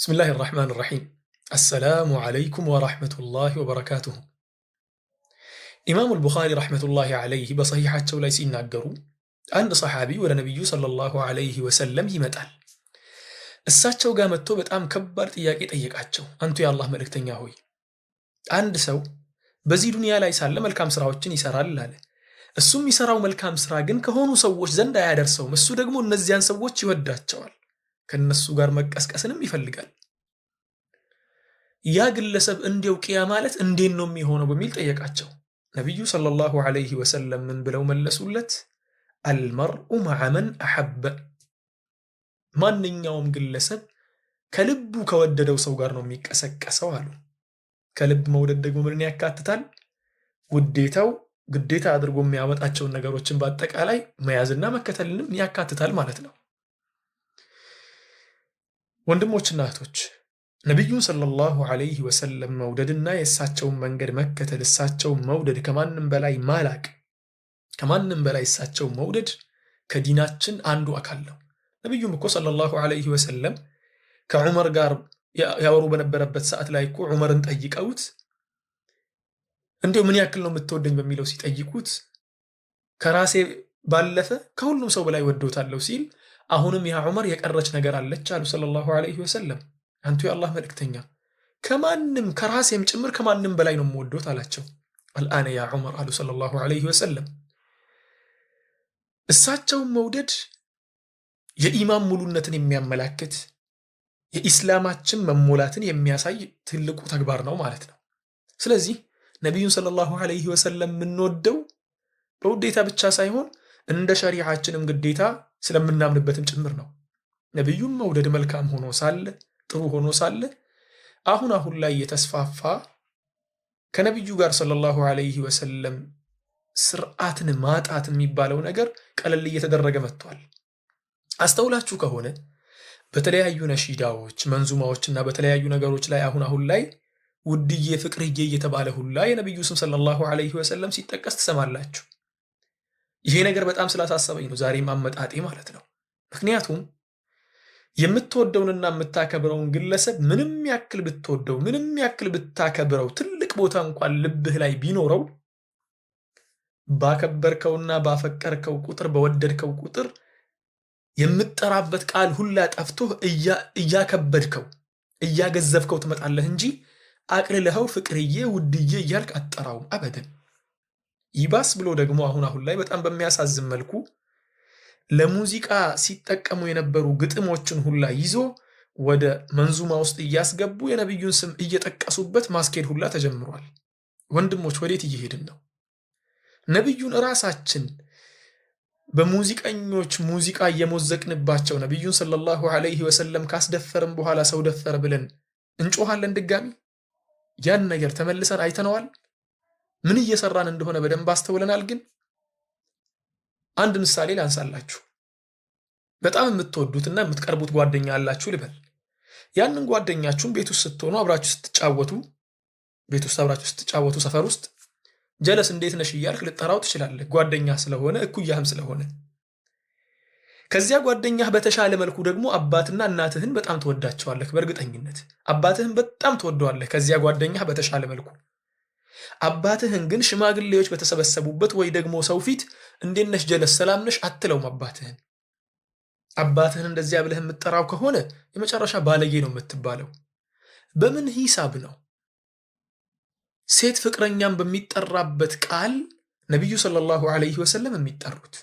بسم الله الرحمن الرحيم السلام عليكم ورحمة الله وبركاته ኢማሙ አልቡኻሪ ረሕመቱላሂ አለይህ በሰሒሓቸው ላይ ሲናገሩ አንድ ሰሓቢ ወደ ነቢዩ ሰለላሁ አለይህ ወሰለም ይመጣል። እሳቸው ጋር መጥቶ በጣም ከባድ ጥያቄ ጠየቃቸው። አንቱ የአላህ መልእክተኛ ሆይ አንድ ሰው በዚህ ዱንያ ላይ ሳለ መልካም ስራዎችን ይሰራል አለ። እሱም የሚሰራው መልካም ስራ ግን ከሆኑ ሰዎች ዘንድ አያደርሰውም። እሱ ደግሞ እነዚያን ሰዎች ይወዳቸዋል። ከነሱ ጋር መቀስቀስንም ይፈልጋል። ያ ግለሰብ እንዲያው ቅያ ማለት እንዴት ነው የሚሆነው በሚል ጠየቃቸው። ነቢዩ ሰለላሁ ዐለይሂ ወሰለም ምን ብለው መለሱለት? አልመርኡ መዐመን አሐበ፣ ማንኛውም ግለሰብ ከልቡ ከወደደው ሰው ጋር ነው የሚቀሰቀሰው አሉ። ከልብ መውደድ ደግሞ ምንን ያካትታል? ውዴታው ግዴታ አድርጎ የሚያመጣቸውን ነገሮችን በአጠቃላይ መያዝና መከተልንም ያካትታል ማለት ነው። ወንድሞችና እህቶች ነቢዩን ሰለላሁ ዐለይሂ ወሰለም መውደድና የእሳቸውን መንገድ መከተል እሳቸውን መውደድ ከማንም በላይ ማላቅ ከማንም በላይ እሳቸው መውደድ ከዲናችን አንዱ አካል ነው። ነቢዩም እኮ ሰለላሁ ዐለይሂ ወሰለም ከዑመር ጋር ያወሩ በነበረበት ሰዓት ላይ እኮ ዑመርን ጠይቀውት እንዲሁ ምን ያክል ነው የምትወደኝ በሚለው ሲጠይቁት ከራሴ ባለፈ ከሁሉም ሰው በላይ ወዶታለሁ ሲል አሁንም ያ ዑመር የቀረች ነገር አለች አሉ ሰለላሁ ዐለይሂ ወሰለም። አንቱ የአላህ መልእክተኛ ከማንም ከራሴም ጭምር ከማንም በላይ ነው የምወዶት አላቸው። አልአነ ያ ዑመር አሉ ሰለላሁ ዐለይሂ ወሰለም። እሳቸውን መውደድ የኢማን ሙሉነትን የሚያመላክት የኢስላማችን መሞላትን የሚያሳይ ትልቁ ተግባር ነው ማለት ነው። ስለዚህ ነቢዩን ሰለላሁ ዐለይሂ ወሰለም የምንወደው በውዴታ ብቻ ሳይሆን እንደ ሸሪዓችንም ግዴታ ስለምናምንበትም ጭምር ነው። ነቢዩም መውደድ መልካም ሆኖ ሳለ ጥሩ ሆኖ ሳለ አሁን አሁን ላይ የተስፋፋ ከነቢዩ ጋር ሰለላሁ ዐለይሂ ወሰለም ስርዓትን ማጣት የሚባለው ነገር ቀለል እየተደረገ መጥቷል። አስተውላችሁ ከሆነ በተለያዩ ነሺዳዎች፣ መንዙማዎች እና በተለያዩ ነገሮች ላይ አሁን አሁን ላይ ውድዬ፣ ፍቅርዬ እየተባለ ሁላ የነቢዩ ስም ሰለላሁ ዐለይሂ ወሰለም ሲጠቀስ ትሰማላችሁ። ይሄ ነገር በጣም ስላሳሰበኝ ነው ዛሬ ማመጣጤ ማለት ነው። ምክንያቱም የምትወደውንና የምታከብረውን ግለሰብ ምንም ያክል ብትወደው፣ ምንም ያክል ብታከብረው፣ ትልቅ ቦታ እንኳን ልብህ ላይ ቢኖረው ባከበርከውና ባፈቀርከው ቁጥር በወደድከው ቁጥር የምትጠራበት ቃል ሁላ ጠፍቶህ እያከበድከው እያገዘፍከው ትመጣለህ እንጂ አቅልለኸው ፍቅርዬ ውድዬ እያልክ አትጠራውም አበደን። ይባስ ብሎ ደግሞ አሁን አሁን ላይ በጣም በሚያሳዝን መልኩ ለሙዚቃ ሲጠቀሙ የነበሩ ግጥሞችን ሁላ ይዞ ወደ መንዙማ ውስጥ እያስገቡ የነቢዩን ስም እየጠቀሱበት ማስኬድ ሁላ ተጀምሯል። ወንድሞች ወዴት እየሄድን ነው? ነቢዩን እራሳችን በሙዚቀኞች ሙዚቃ እየሞዘቅንባቸው ነቢዩን ሰለላሁ ዐለይሂ ወሰለም ካስደፈርም በኋላ ሰው ደፈር ብለን እንጮኋለን ድጋሚ። ያን ነገር ተመልሰን አይተነዋል። ምን እየሰራን እንደሆነ በደንብ አስተውለናል። ግን አንድ ምሳሌ ላንሳላችሁ። በጣም የምትወዱትና የምትቀርቡት ጓደኛ አላችሁ ልበል። ያንን ጓደኛችሁን ቤት ውስጥ ስትሆኑ አብራችሁ ስትጫወቱ፣ ቤት ውስጥ አብራችሁ ስትጫወቱ፣ ሰፈር ውስጥ ጀለስ እንዴት ነሽ እያልክ ልጠራው ትችላለህ። ጓደኛ ስለሆነ እኩያህም ስለሆነ ከዚያ ጓደኛህ በተሻለ መልኩ ደግሞ አባትና እናትህን በጣም ትወዳቸዋለህ። በእርግጠኝነት አባትህን በጣም ትወደዋለህ ከዚያ ጓደኛህ በተሻለ መልኩ አባትህን ግን ሽማግሌዎች በተሰበሰቡበት ወይ ደግሞ ሰው ፊት እንዴት ነሽ ጀለስ ሰላም ነሽ አትለውም። አባትህን አባትህን እንደዚያ ብለህ የምትጠራው ከሆነ የመጨረሻ ባለጌ ነው የምትባለው። በምን ሂሳብ ነው ሴት ፍቅረኛም በሚጠራበት ቃል ነቢዩ ሰለላሁ ዐለይሂ ወሰለም የሚጠሩት?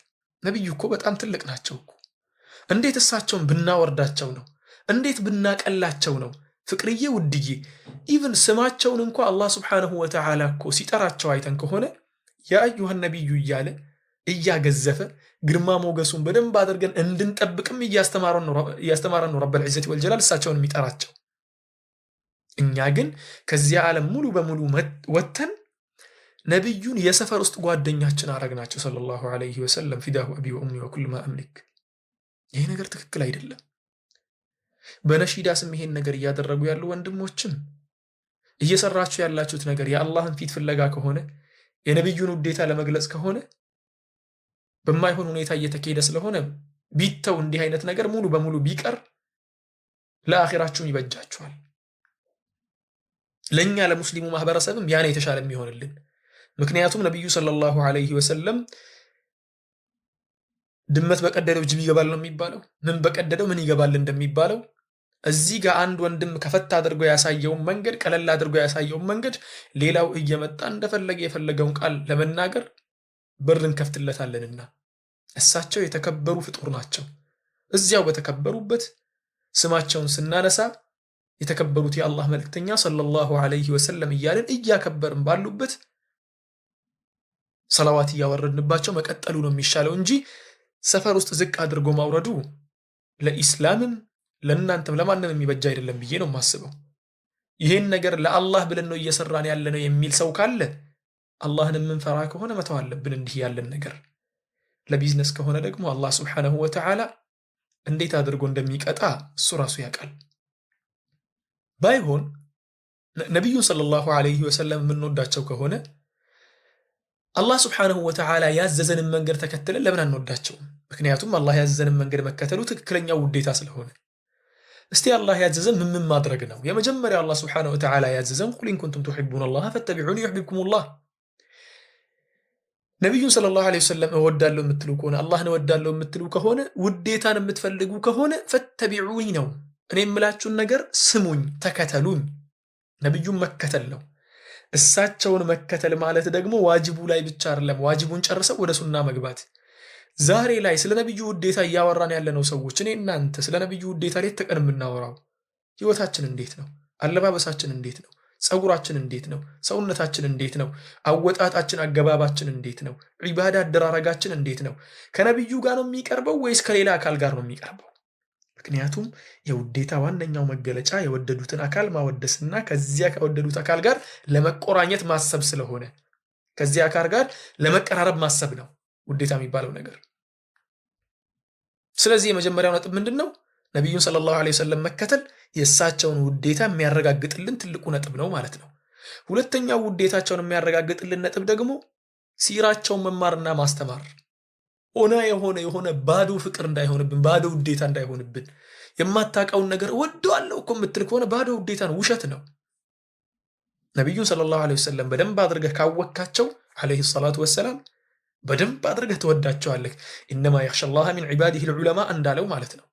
ነቢዩ እኮ በጣም ትልቅ ናቸው እኮ። እንዴት እሳቸውን ብናወርዳቸው ነው? እንዴት ብናቀላቸው ነው? ፍቅርዬ፣ ውድዬ ኢቭን ስማቸውን እንኳ አላህ ስብሓንሁ ወተዓላ እኮ ሲጠራቸው አይተን ከሆነ የአዩሃ ነቢዩ እያለ እያገዘፈ ግርማ ሞገሱን በደንብ አድርገን እንድንጠብቅም እያስተማረን ነው ረበል ዒዘቲ ወልጀላል እሳቸውን የሚጠራቸው። እኛ ግን ከዚያ ዓለም ሙሉ በሙሉ ወጥተን ነቢዩን የሰፈር ውስጥ ጓደኛችን አረግናቸው። ሰለላሁ ዐለይሂ ወሰለም ፊዳሁ አቢ ወኡሚ ወኩል ማ አምሊክ። ይሄ ነገር ትክክል አይደለም። በነሺዳ ስም ይሄን ነገር እያደረጉ ያሉ ወንድሞችም እየሰራችሁ ያላችሁት ነገር የአላህን ፊት ፍለጋ ከሆነ የነቢዩን ውዴታ ለመግለጽ ከሆነ በማይሆን ሁኔታ እየተካሄደ ስለሆነ ቢተው እንዲህ አይነት ነገር ሙሉ በሙሉ ቢቀር ለአኺራችሁም ይበጃችኋል። ለእኛ ለሙስሊሙ ማህበረሰብም ያኔ የተሻለ የሚሆንልን። ምክንያቱም ነቢዩ ሰለላሁ ዐለይሂ ወሰለም ድመት በቀደደው ጅብ ይገባል ነው የሚባለው። ምን በቀደደው ምን ይገባል እንደሚባለው እዚህ ጋር አንድ ወንድም ከፈታ አድርጎ ያሳየውን መንገድ ቀለል አድርጎ ያሳየውን መንገድ ሌላው እየመጣ እንደፈለገ የፈለገውን ቃል ለመናገር በር እንከፍትለታለንና እሳቸው የተከበሩ ፍጡር ናቸው። እዚያው በተከበሩበት ስማቸውን ስናነሳ የተከበሩት የአላህ መልእክተኛ ሰለላሁ ዐለይሂ ወሰለም እያልን እያከበርን ባሉበት ሰላዋት እያወረድንባቸው መቀጠሉ ነው የሚሻለው እንጂ ሰፈር ውስጥ ዝቅ አድርጎ ማውረዱ ለኢስላምም ለእናንተም ለማንም የሚበጃ አይደለም ብዬ ነው የማስበው። ይህን ነገር ለአላህ ብለን ነው እየሰራን ነው የሚል ሰው ካለ አላህን የምንፈራ ከሆነ መተው አለብን እንዲህ ያለን ነገር። ለቢዝነስ ከሆነ ደግሞ አላህ ስብሓነሁ ወተዓላ እንዴት አድርጎ እንደሚቀጣ እሱ ራሱ ያውቃል። ባይሆን ነቢዩን ሰለላሁ ዐለይሂ ወሰለም የምንወዳቸው ከሆነ አላህ ስብሓነሁ ወተዓላ ያዘዘንን መንገድ ተከትለን ለምን አንወዳቸውም? ምክንያቱም አላህ ያዘዘንን መንገድ መከተሉ ትክክለኛው ውዴታ ስለሆነ እስቲ አላህ ያዘዘን ምን ምን ማድረግ ነው? የመጀመሪያው አላህ ስብሓነሁ ወተዓላ ያዘዘን ቁል ኢን ኩንቱም ቱሒቡነ አላህ ፈተቢዑኒ ዩሕቢብኩሙላህ። ነቢዩን ሰለላሁ ዐለይሂ ወሰለም እወዳለሁ የምትሉ ከሆነ አላህን እወዳለሁ የምትሉ ከሆነ ውዴታን የምትፈልጉ ከሆነ ፈተቢዑኝ ነው። እኔ የምላችሁን ነገር ስሙኝ፣ ተከተሉኝ። ነቢዩን መከተል ነው። እሳቸውን መከተል ማለት ደግሞ ዋጅቡ ላይ ብቻ አይደለም። ዋጅቡን ጨርሰው ወደ ሱና መግባት ዛሬ ላይ ስለ ነቢዩ ውዴታ እያወራን ያለነው ሰዎች እኔ እናንተ ስለ ነቢዩ ውዴታ ሌት ተቀን የምናወራው ህይወታችን እንዴት ነው? አለባበሳችን እንዴት ነው? ጸጉራችን እንዴት ነው? ሰውነታችን እንዴት ነው? አወጣጣችን፣ አገባባችን እንዴት ነው? ዒባዳ አደራረጋችን እንዴት ነው? ከነቢዩ ጋር ነው የሚቀርበው ወይስ ከሌላ አካል ጋር ነው የሚቀርበው? ምክንያቱም የውዴታ ዋነኛው መገለጫ የወደዱትን አካል ማወደስና ከዚያ ከወደዱት አካል ጋር ለመቆራኘት ማሰብ ስለሆነ ከዚያ አካል ጋር ለመቀራረብ ማሰብ ነው ውዴታ የሚባለው ነገር። ስለዚህ የመጀመሪያው ነጥብ ምንድን ነው? ነቢዩን ሰለላሁ ዐለይሂ ወሰለም መከተል የእሳቸውን ውዴታ የሚያረጋግጥልን ትልቁ ነጥብ ነው ማለት ነው። ሁለተኛው ውዴታቸውን የሚያረጋግጥልን ነጥብ ደግሞ ሲራቸውን መማርና ማስተማር ኦና የሆነ የሆነ ባዶ ፍቅር እንዳይሆንብን ባዶ ውዴታ እንዳይሆንብን የማታውቀውን ነገር አለው እኮ የምትል ከሆነ ባዶ ውዴታ ነው፣ ውሸት ነው። ነቢዩን ሰለላሁ ዐለይሂ ወሰለም በደንብ አድርገህ ካወካቸው ዐለይሂ ሰላቱ ወሰላም በደንብ አድርገህ ትወዳቸዋለህ። ኢነማ የኽሻ ላህ ሚን ዒባዲህ ልዑለማ እንዳለው ማለት ነው።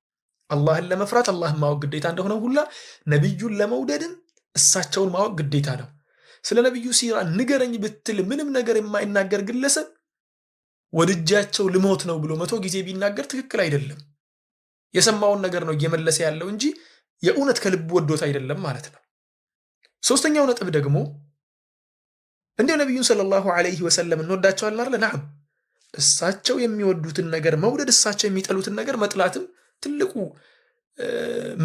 አላህን ለመፍራት አላህን ማወቅ ግዴታ እንደሆነ ሁላ ነቢዩን ለመውደድም እሳቸውን ማወቅ ግዴታ ነው። ስለ ነቢዩ ሲራ ንገረኝ ብትል ምንም ነገር የማይናገር ግለሰብ ወድጃቸው ልሞት ነው ብሎ መቶ ጊዜ ቢናገር ትክክል አይደለም። የሰማውን ነገር ነው እየመለሰ ያለው እንጂ የእውነት ከልብ ወዶት አይደለም ማለት ነው። ሶስተኛው ነጥብ ደግሞ እንደ ነቢዩን ሰለላሁ ዐለይሂ ወሰለም እንወዳቸዋለን አለ። ናም እሳቸው የሚወዱትን ነገር መውደድ፣ እሳቸው የሚጠሉትን ነገር መጥላትም ትልቁ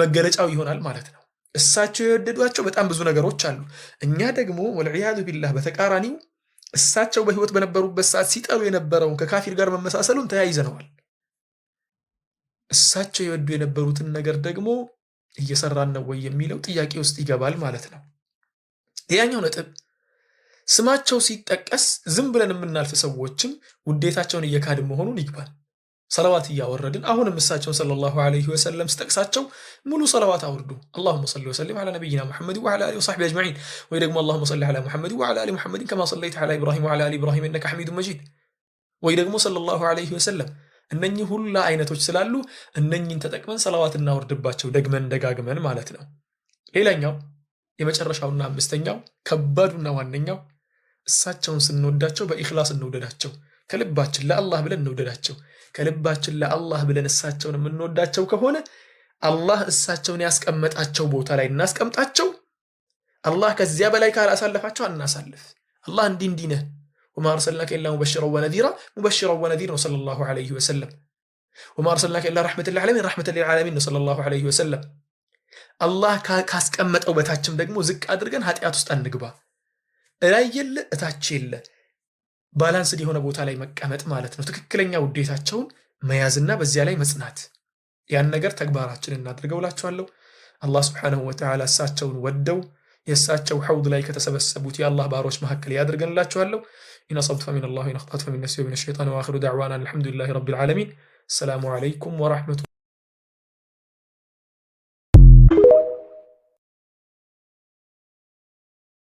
መገለጫው ይሆናል ማለት ነው። እሳቸው የወደዷቸው በጣም ብዙ ነገሮች አሉ። እኛ ደግሞ ወልዕያዙ ቢላህ በተቃራኒው እሳቸው በህይወት በነበሩበት ሰዓት ሲጠሉ የነበረውን ከካፊር ጋር መመሳሰሉን ተያይዘነዋል። እሳቸው የወዱ የነበሩትን ነገር ደግሞ እየሰራን ነው ወይ የሚለው ጥያቄ ውስጥ ይገባል ማለት ነው። ሌላኛው ነጥብ ስማቸው ሲጠቀስ ዝም ብለን የምናልፍ ሰዎችም ውዴታቸውን እየካድን መሆኑን ይግባል። ሰለዋት እያወረድን አሁንም እሳቸውን ሰለላሁ ዐለይሂ ወሰለም ስጠቅሳቸው ሙሉ ሰለዋት አውርዱ። አላሁመ ሰሊ ወሰሊም ዐላ ነቢይና ሙሐመድ ወዐላ አሊ ወሰሕቢ አጅመዒን ወይ ደግሞ አላሁመ ሰሊ ዐላ ሙሐመድ ወዐላ አሊ ሙሐመድ ከማ ሰለይተ ዐላ ኢብራሂም ወዐላ አሊ ኢብራሂም ኢነከ ሐሚዱ መጂድ ወይ ደግሞ ሰለላሁ ዐለይሂ ወሰለም። እነኚህ ሁላ አይነቶች ስላሉ እነኚህን ተጠቅመን ሰለዋት እናወርድባቸው ደግመን ደጋግመን ማለት ነው። ሌላኛው የመጨረሻውና አምስተኛው ከባዱና ዋነኛው እሳቸውን ስንወዳቸው በኢኽላስ እንውደዳቸው። ከልባችን ለአላህ ብለን እንውደዳቸው። ከልባችን ለአላህ ብለን እሳቸውን የምንወዳቸው ከሆነ አላህ እሳቸውን ያስቀመጣቸው ቦታ ላይ እናስቀምጣቸው። አላህ ከዚያ በላይ ካላሳለፋቸው አናሳልፍ። አላህ እንዲህ እንዲህ ነህ ወማ አርሰልናከ ኢላ ሙበሽረን ወነዚራ ሙበሽረን ወነዚር ነው ሰለላሁ ዐለይሂ ወሰለም። ወማ አርሰልናከ ኢላ ረሕመተን ሊልዓለሚን ረሕመተን ሊልዓለሚን ነው ሰለላሁ ዐለይሂ ወሰለም። አላህ ካስቀመጠው በታችም ደግሞ ዝቅ አድርገን ኃጢአት ውስጥ አንግባ። እላይ የለ እታች የለ ባላንስድ የሆነ ቦታ ላይ መቀመጥ ማለት ነው። ትክክለኛ ውዴታቸውን መያዝና በዚያ ላይ መጽናት ያን ነገር ተግባራችን እናድርገው እላችኋለሁ። አላህ ስብሓነሁ ወተዓላ እሳቸውን ወደው የእሳቸው ሐውድ ላይ ከተሰበሰቡት የአላህ ባሮች መካከል ያድርገን እላችኋለሁ። ኢን አሰብቱ ፈሚን አላህ ወኢን አኽጣእቱ ፈሚን ነፍሲ ወሚን ሸይጣን ወአኺሩ ደዕዋና አልሐምዱሊላሂ ረቢል ዓለሚን። ሰላሙ ዓለይኩም ወራሕመቱ